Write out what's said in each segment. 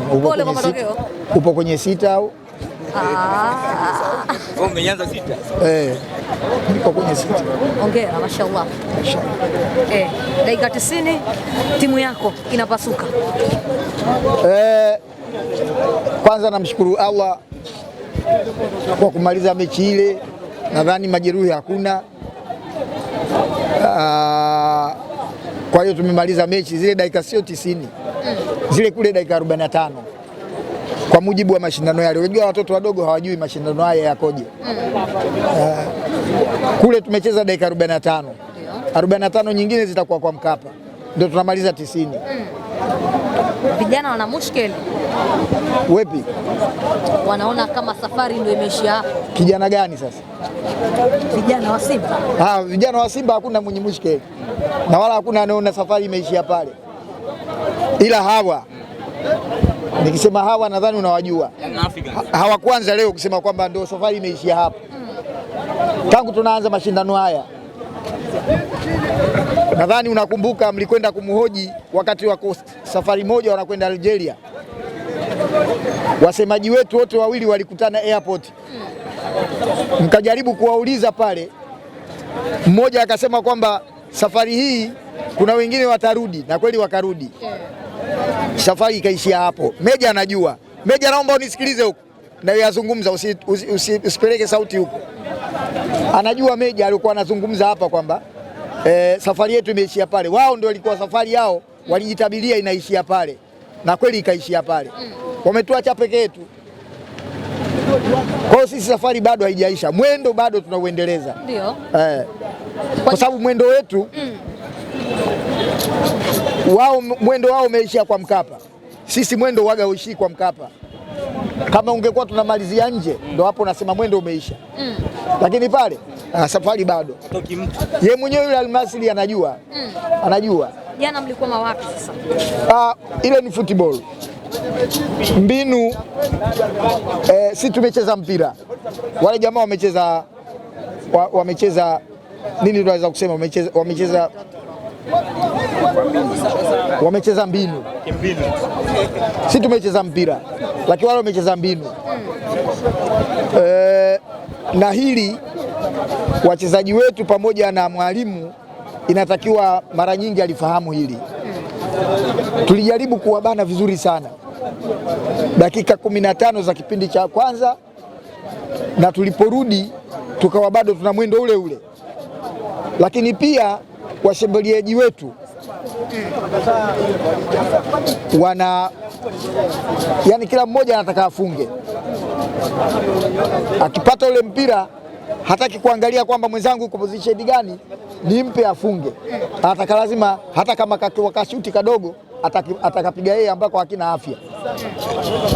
Naam, upo kwenye sita, upo kwenye sita au ah. umeanza sita? Eh, niko kwenye sita. Hongera, mashallah. Eh, dakika 90 timu yako inapasuka. Eh, kwanza namshukuru Allah kwa kumaliza mechi ile, nadhani majeruhi hakuna. Aa, ah, kwa hiyo tumemaliza mechi zile dakika sio tisini zile kule dakika 45 kwa mujibu wa mashindano yale. Unajua watoto wadogo hawajui mashindano haya yakoje. mm. Uh, kule tumecheza dakika 45 45 nyingine zitakuwa kwa Mkapa ndio tunamaliza 90. Mm. Vijana wana mushkeli wepi, wanaona kama safari ndio imeishia hapo. Kijana gani sasa? Vijana wa Simba. Ah, vijana wa Simba hakuna mwenye mushkeli na wala hakuna anaona safari imeishia pale ila hawa nikisema hawa nadhani unawajua hawa. Kwanza leo kusema kwamba ndio safari imeishia hapa, tangu tunaanza mashindano haya nadhani unakumbuka mlikwenda kumhoji wakati wako safari moja wanakwenda Algeria. Wasemaji wetu wote wawili walikutana airport, mkajaribu kuwauliza pale, mmoja akasema kwamba safari hii kuna wengine watarudi, na kweli wakarudi safari ikaishia hapo. Meja anajua. Meja, naomba unisikilize huko nayoyazungumza, usipeleke sauti huko. Anajua Meja alikuwa anazungumza hapa kwamba e, safari yetu imeishia pale. Wao ndio walikuwa safari yao walijitabilia inaishia pale, na kweli ikaishia pale, wametuacha peke yetu. Kwa sisi safari bado haijaisha, mwendo bado tunauendeleza, ndio eh, kwa sababu mwendo wetu mm wao mwendo wao umeishia kwa Mkapa, sisi mwendo waga uishii kwa Mkapa. Kama ungekuwa tunamalizia nje, ndo hapo nasema mwendo umeisha mm. Lakini pale ah, safari bado. Ye mwenyewe yule Almasri anajua mm. Anajua jana mlikuwa mawapi sasa? Ah, ile ni football mbinu eh, si tumecheza mpira, wale jamaa wamecheza wamecheza nini, tunaweza kusema wamecheza wamecheza wamecheza mbinu, si tumecheza mpira, lakini wale wamecheza mbinu e, na hili wachezaji wetu pamoja na mwalimu inatakiwa mara nyingi alifahamu hili. Tulijaribu kuwabana vizuri sana dakika kumi na tano za kipindi cha kwanza, na tuliporudi tukawa bado tuna mwendo ule ule, lakini pia washambuliaji wetu wana yani, kila mmoja anataka afunge. Akipata ule mpira hataki kuangalia kwamba mwenzangu yuko position gani, nimpe afunge. Ataka lazima, hata kama wakashuti kadogo atakapiga yeye ambako hakina afya.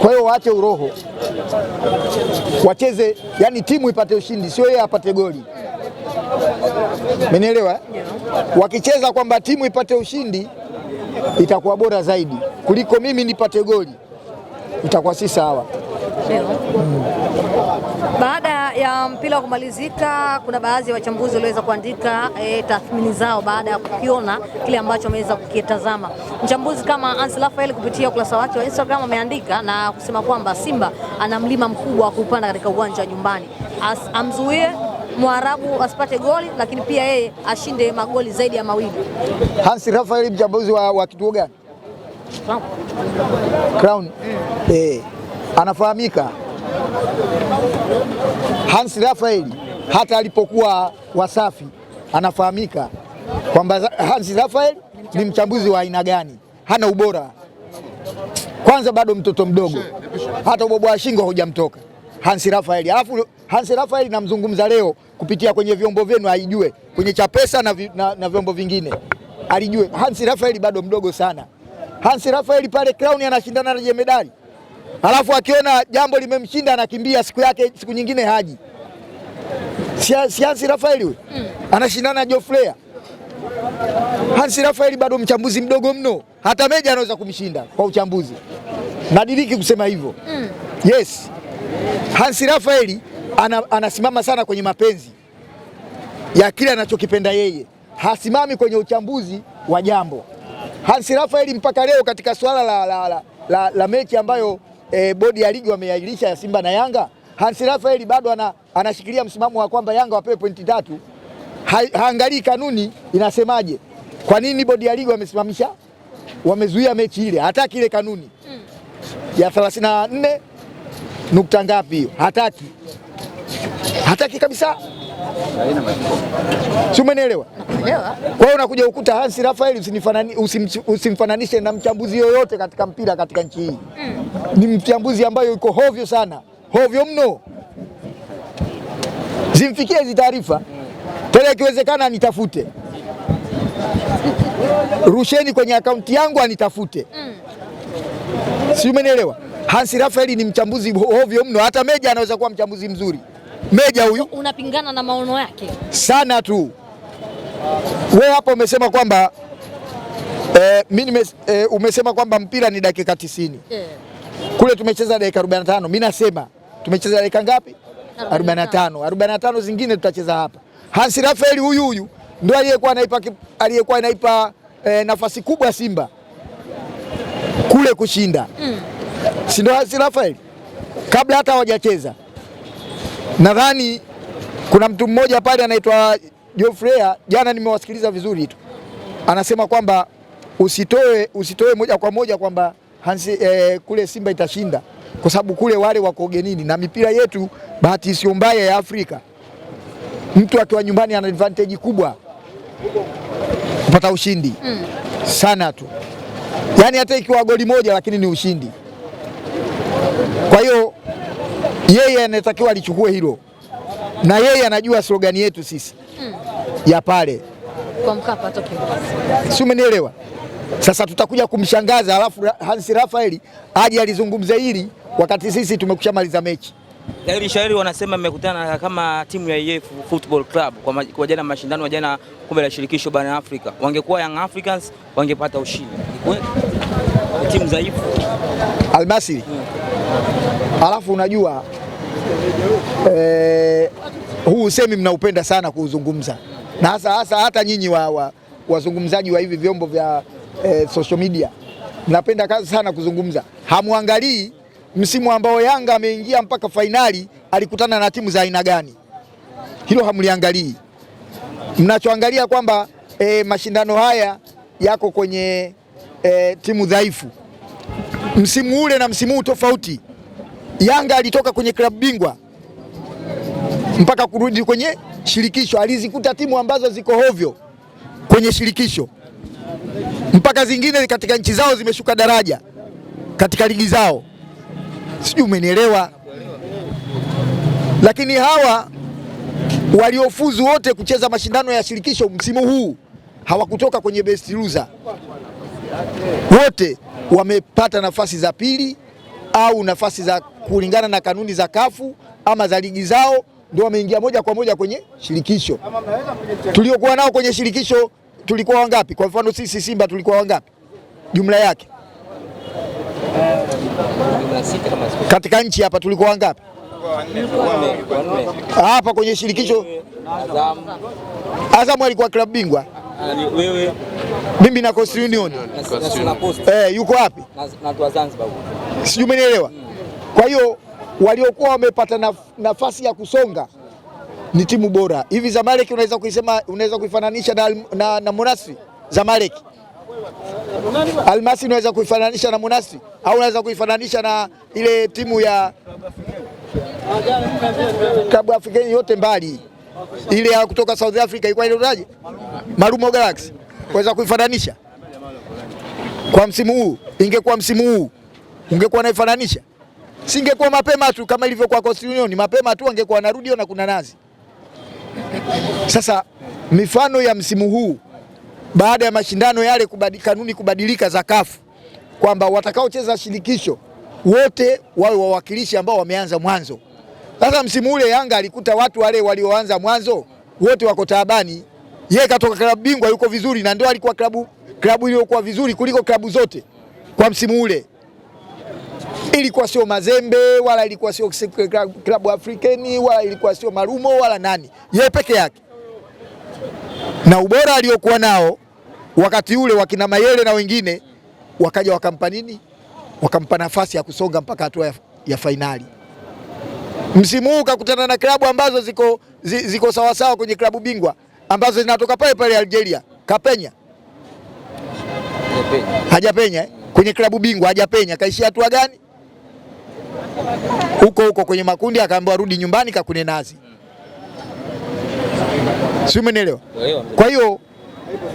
Kwa hiyo waache uroho, wacheze, yani timu ipate ushindi, sio yeye apate goli. Mmenielewa? Wakicheza kwamba timu ipate ushindi itakuwa bora zaidi kuliko mimi nipate goli, itakuwa si sawa. Hmm. Baada ya mpira wa kumalizika, kuna baadhi ya wachambuzi waliweza kuandika e, tathmini zao baada ya kukiona kile ambacho wameweza kukitazama. Mchambuzi kama Ansi Rafael kupitia ukurasa wake wa Instagram ameandika na kusema kwamba Simba ana mlima mkubwa wa kupanda katika uwanja wa nyumbani, amzuie Mwarabu asipate goli, lakini pia yeye ashinde magoli zaidi ya mawili. Hans Rafael, mchambuzi wa, wa kituo gani? Crown. Mm. Eh, anafahamika Hans Rafael hata alipokuwa Wasafi anafahamika kwamba Hans Rafael ni mchambuzi wa aina gani, hana ubora kwanza, bado mtoto mdogo, hata ubwabwa wa shingo hujamtoka Hans Rafael. alafu Hansi Rafael namzungumza leo kupitia kwenye vyombo vyenu, aijue kwenye Chapesa na, vi, na, na vyombo vingine alijue Hansi Rafael bado mdogo sana. Hansi Rafael pale Crown anashindana na Jemedari, alafu akiona jambo limemshinda anakimbia, siku yake siku nyingine haji. Si Hansi Rafael huyo mm. anashindana na Joflea. Hansi Rafael bado mchambuzi mdogo mno, hata Meja anaweza kumshinda kwa uchambuzi. Nadiriki kusema hivyo. Mm. Yes, Hansi Rafael ana, anasimama sana kwenye mapenzi ya kile anachokipenda yeye, hasimami kwenye uchambuzi wa jambo. Hansi Raphael mpaka leo katika suala la, la, la, la, la mechi ambayo e, bodi ya ligi wameahirisha ya Simba na Yanga, Hansi Raphael bado ana, anashikilia msimamo wa kwamba Yanga wapewe pointi tatu. Ha, haangalii kanuni inasemaje. Kwa nini bodi ya ligi wamesimamisha, wamezuia mechi ile? Hataki ile kanuni mm. ya 34 nukta ngapi hiyo, hataki hataki kabisa, si umenielewa? Kwa hiyo unakuja ukuta Hansi Rafael usinifanani, usimfananishe na mchambuzi yoyote katika mpira katika nchi hii mm. Ni mchambuzi ambayo yuko hovyo sana, hovyo mno. Zimfikie hizi taarifa tena, ikiwezekana nitafute rusheni kwenye akaunti yangu anitafute mm. si umenielewa? Hansi Rafael ni mchambuzi hovyo mno, hata Meja anaweza kuwa mchambuzi mzuri meja huyu. Unapingana na maono yake sana tu. Wewe hapo umesema kwamba eh, mimi e, eh, umesema kwamba mpira ni dakika 90 yeah. Kule tumecheza dakika 45. Mimi nasema tumecheza dakika ngapi? 45. 45 zingine tutacheza hapa. Hansi Rafael huyu huyu ndo aliyekuwa anaipa, aliyekuwa anaipa e, nafasi kubwa Simba kule kushinda mm. si ndo Hansi Rafael kabla hata hawajacheza Nadhani kuna mtu mmoja pale anaitwa Jofrea, jana nimewasikiliza vizuri tu, anasema kwamba usitoe usitoe moja kwa moja kwamba eh, kule Simba itashinda kwa sababu kule wale wako ugenini na mipira yetu, bahati sio mbaya ya Afrika, mtu akiwa nyumbani ana advantage kubwa kupata ushindi mm, sana tu, yaani hata ikiwa goli moja, lakini ni ushindi. Kwa hiyo yeye anatakiwa alichukue hilo, na yeye anajua slogani yetu sisi mm. ya pale kwa Mkapa, si umenielewa? Sasa tutakuja kumshangaza, alafu Hans Rafaeli aje alizungumza hili wakati sisi tumekushamaliza mechi. Shairi yaani shairi wanasema mmekutana kama timu ya EF Football Club kwa, kwa jana mashindano ya jana kombe la shirikisho barani Afrika. Wangekuwa Young Africans wangepata ushindi. Timu dhaifu Almasiri hmm. Alafu unajua eh, huu usemi mnaupenda sana kuuzungumza na hasa hasa hata nyinyi wazungumzaji wa, wa, wa hivi vyombo vya e, social media mnapenda kazi sana kuzungumza, hamwangalii msimu ambao Yanga ameingia mpaka fainali alikutana na timu za aina gani. Hilo hamliangalii. Mnachoangalia kwamba e, mashindano haya yako kwenye e, timu dhaifu. Msimu ule na msimu huu tofauti. Yanga alitoka kwenye klabu bingwa mpaka kurudi kwenye shirikisho, alizikuta timu ambazo ziko hovyo kwenye shirikisho, mpaka zingine katika nchi zao zimeshuka daraja katika ligi zao, sijui umenielewa. Lakini hawa waliofuzu wote kucheza mashindano ya shirikisho msimu huu hawakutoka kwenye best loser wote wamepata nafasi za pili au nafasi za kulingana na kanuni za kafu ama za ligi zao, ndio wameingia moja kwa moja kwenye shirikisho. Tuliokuwa nao kwenye shirikisho tulikuwa wangapi? Kwa mfano sisi Simba tulikuwa wangapi jumla yake katika nchi hapa tulikuwa wangapi? Hapa kwenye shirikisho Azamu alikuwa klabu bingwa. Yaani wewe mimi na Coast Union eh, yuko wapi? na Zanzibar sijui, umenielewa? Hmm. Kwa hiyo waliokuwa wamepata nafasi ya kusonga ni timu bora hivi. Zamalek unaweza kuisema, unaweza kuifananisha na, na, na Monastir? Zamalek Almasi unaweza kuifananisha na Monastir au unaweza kuifananisha na ile timu ya Klabu Afrikeni? Yote mbali ile ya kutoka South Africa ilikuwa inaitwaje? Marumo Galaxy. Kuweza kuifananisha kwa msimu huu? Ingekuwa msimu huu ungekuwa naifananisha? Singekuwa mapema tu kama ilivyokuwa Coast Union, mapema tu angekuwa anarudi na kuna nazi. Sasa mifano ya msimu huu baada ya mashindano yale kubadi, kanuni kubadilika za kafu kwamba watakaocheza shirikisho wote wawe wawakilishi ambao wameanza mwanzo. Sasa msimu ule Yanga alikuta watu wale walioanza mwanzo wote wako taabani, yeye katoka klabu bingwa yuko vizuri, na ndio alikuwa klabu klabu iliyokuwa vizuri kuliko klabu zote kwa msimu ule. Ilikuwa sio Mazembe wala ilikuwa sio klabu Afrikeni wala ilikuwa sio Marumo wala nani, yeye peke yake na ubora aliokuwa nao wakati ule wakina Mayele na wengine wakaja wakampa nini, wakampa nafasi ya kusonga mpaka hatua ya, ya fainali. Msimu huu kakutana na klabu ambazo ziko, ziko sawasawa kwenye klabu bingwa ambazo zinatoka pale pale Algeria. Kapenya hajapenya eh? Kwenye klabu bingwa hajapenya, kaishia hatua gani? Huko huko kwenye makundi, akaambiwa rudi nyumbani, kakune nazi, si umenielewa? Kwa hiyo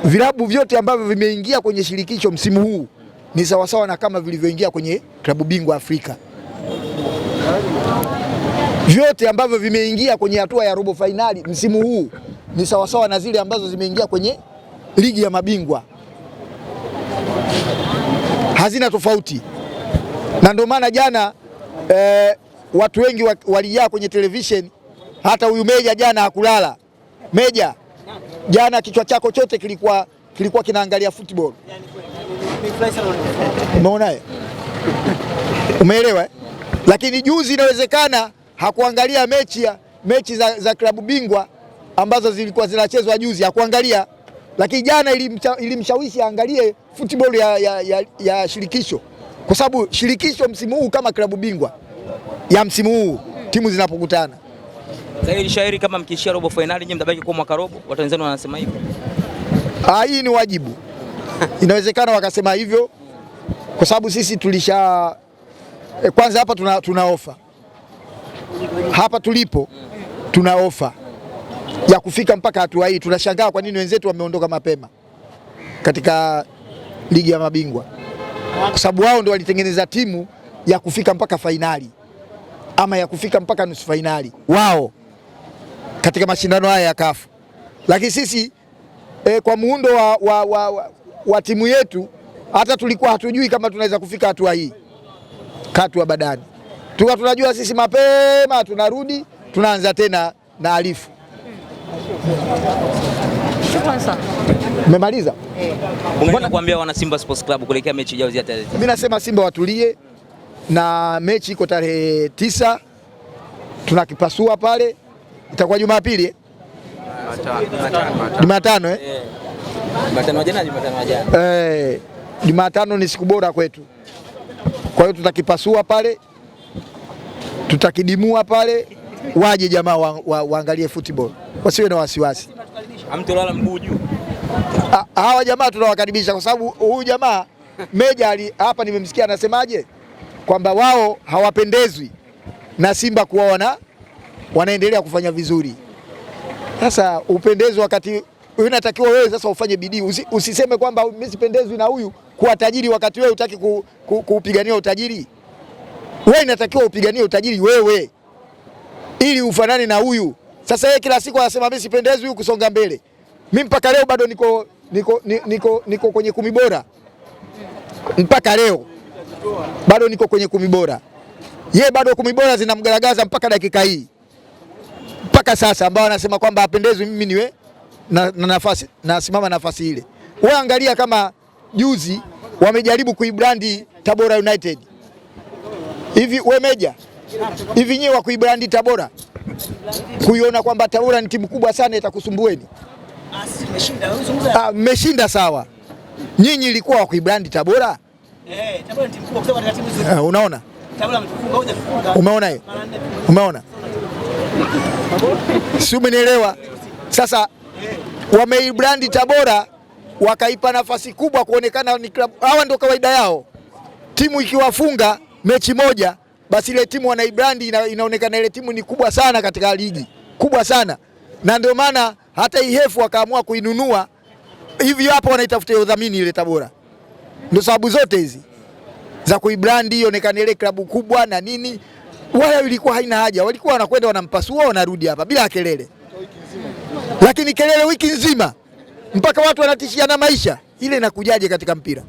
vilabu vyote ambavyo vimeingia kwenye shirikisho msimu huu ni sawasawa na kama vilivyoingia kwenye klabu bingwa Afrika vyote ambavyo vimeingia kwenye hatua ya robo fainali msimu huu ni sawasawa na zile ambazo zimeingia kwenye ligi ya mabingwa, hazina tofauti. Na ndio maana jana eh, watu wengi walijaa kwenye televisheni. Hata huyu Meja jana hakulala. Meja jana, kichwa chako chote kilikuwa kilikuwa kinaangalia football. Umeona, umeelewa? Eh? Lakini juzi inawezekana hakuangalia mechi mechi za, za klabu bingwa ambazo zilikuwa zinachezwa juzi, hakuangalia, lakini jana ilimshawishi ili aangalie football ya, ya, ya, ya shirikisho, kwa sababu shirikisho msimu huu kama klabu bingwa ya msimu huu timu zinapokutana zaidi shairi, kama mkiishia robo finali nyinyi mtabaki kwa mwaka robo. Watu wenzenu wanasema hivyo, ah, hii ni wajibu inawezekana wakasema hivyo kwa sababu sisi tulisha eh, kwanza hapa tuna, tuna ofa hapa tulipo tuna ofa ya kufika mpaka hatua hii. Tunashangaa kwa nini wenzetu wameondoka mapema katika ligi ya mabingwa, kwa sababu wao ndio walitengeneza timu ya kufika mpaka fainali ama ya kufika mpaka nusu fainali wao katika mashindano haya ya kafu. Lakini sisi e, kwa muundo wa, wa, wa, wa, wa timu yetu hata tulikuwa hatujui kama tunaweza kufika hatua hii katu wa badani tuka tunajua sisi mapema tunarudi tunaanza tena na alifu. Shukrani sana. Mmemaliza? kuambia wana Simba Sports Club kuelekea mechi ijayo ya tarehe. Mimi nasema Simba watulie na mechi iko tarehe tisa tunakipasua pale, itakuwa Jumapili, eh? Jumatano eh? Eh, Jumatano ni siku bora kwetu, kwa hiyo tutakipasua pale tutakidimua pale, waje jamaa waangalie wa, waangalie football, wasiwe na wasiwasi. Hamtolala mguu juu hawa jamaa tunawakaribisha, kwa sababu huyu jamaa meja hapa nimemsikia anasemaje kwamba wao hawapendezwi na Simba kuwa wanaendelea kufanya vizuri. Sasa upendezi wakati unatakiwa wewe sasa ufanye bidii usi, usiseme kwamba mimi sipendezwi na huyu kuwa tajiri wakati wewe hutaki kuupigania ku, ku, utajiri wewe inatakiwa upiganie utajiri wewe ili ufanane na huyu. Sasa yeye kila siku anasema mimi sipendezi huyu kusonga mbele. Mimi mpaka leo bado niko, niko, niko, niko kwenye kumi bora mpaka leo bado niko kwenye kumi bora, ye bado kumi bora zinamgaragaza mpaka dakika hii mpaka sasa, ambao anasema kwamba apendezwi mimi niwe na, na nafasi nasimama nafasi ile. Wewe angalia kama juzi wamejaribu kuibrandi Tabora United Hivi we Meja, hivi nyewe wa kuibrandi Tabora kuiona kwamba Tabora ni timu kubwa sana itakusumbueni? Ah, mmeshinda sawa, nyinyi ilikuwa wa kuibrandi Tabora eh, Uh, unaona Tabora umeona hiyo, umeona si umenielewa? Sasa wameibrandi Tabora wakaipa nafasi kubwa kuonekana ni klabu. Hawa ndio kawaida yao, timu ikiwafunga mechi moja, basi ile timu wanaibrandi ina, inaonekana ile timu ni kubwa sana katika ligi kubwa sana, na ndio maana hata ihefu wakaamua kuinunua hivi hapo, wanaitafutia udhamini ile Tabora. Ndio sababu zote hizi za kuibrandi ionekane ile klabu kubwa na nini, wala ilikuwa haina haja. Walikuwa wanakwenda wanampasua, wanarudi hapa bila kelele, lakini kelele wiki nzima mpaka watu wanatishia na maisha, ile inakujaje katika mpira?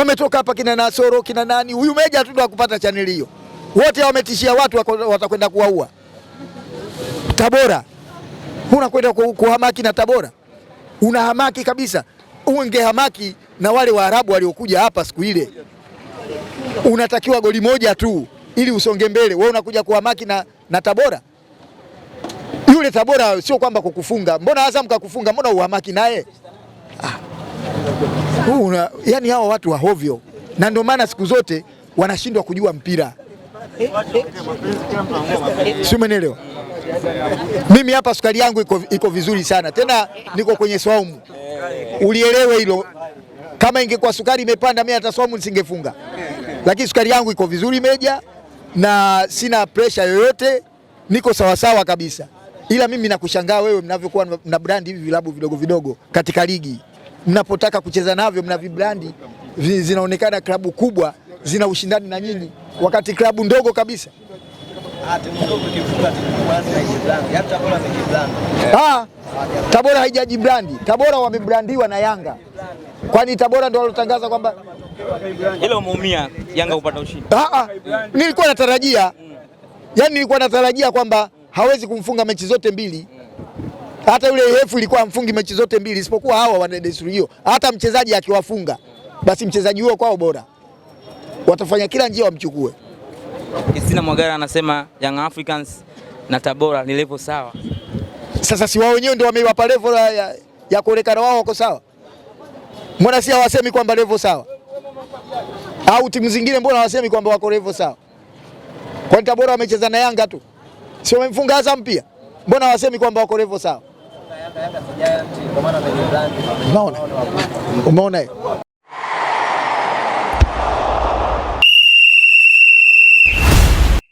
wametoka hapa kina Nasoro kina nani, huyu Meja tu ndo akupata chaneli hiyo. Wote wametishia watu watakwenda kuwaua Tabora. Unakwenda kuhamaki na Tabora, unahamaki kabisa. Ungehamaki na wale Waarabu waliokuja hapa siku ile, unatakiwa goli moja tu ili usonge mbele. Wewe unakuja kuhamaki na, na Tabora. Yule Tabora sio kwamba kukufunga, mbona Azam kakufunga, mbona uhamaki naye ah una, yani hawa watu wahovyo, na ndio maana siku zote wanashindwa kujua mpira si umenielewa? Mimi hapa sukari yangu iko, iko vizuri sana tena, niko kwenye swaumu, ulielewe hilo. Kama ingekuwa sukari imepanda, mimi hata swaumu nisingefunga, lakini sukari yangu iko vizuri, meja na sina presha yoyote, niko sawasawa kabisa. Ila mimi nakushangaa wewe mnavyokuwa na brandi hivi vilabu vidogo vidogo katika ligi mnapotaka kucheza navyo, mna vibrandi zinaonekana, klabu kubwa zina ushindani na nyinyi, wakati klabu ndogo kabisa tabora Tabora brandi Tabora wamebrandiwa na Yanga, kwani Tabora ndo walotangaza kwamba ile umeumia Yanga upata ushindi. Nilikuwa natarajia, mm. yani nilikuwa natarajia kwamba hawezi kumfunga mechi zote mbili hata yule Hefu ilikuwa amfungi mechi zote mbili, isipokuwa hawa wana desturi hiyo. Hata mchezaji akiwafunga, basi mchezaji huo kwao bora, watafanya kila njia wamchukue. Kisina Mwagara anasema Young Africans na Tabora ni level sawa. Sasa si wao wenyewe ndio wamewapa level ya, ya kuonekana wao wako sawa. Mbona si hawasemi kwamba level sawa? Au timu zingine mbona hawasemi kwamba wako level sawa? Kwani Tabora wamecheza na Yanga tu, si wamemfunga Azam pia? Mbona hawasemi kwamba wako level sawa? Umeona?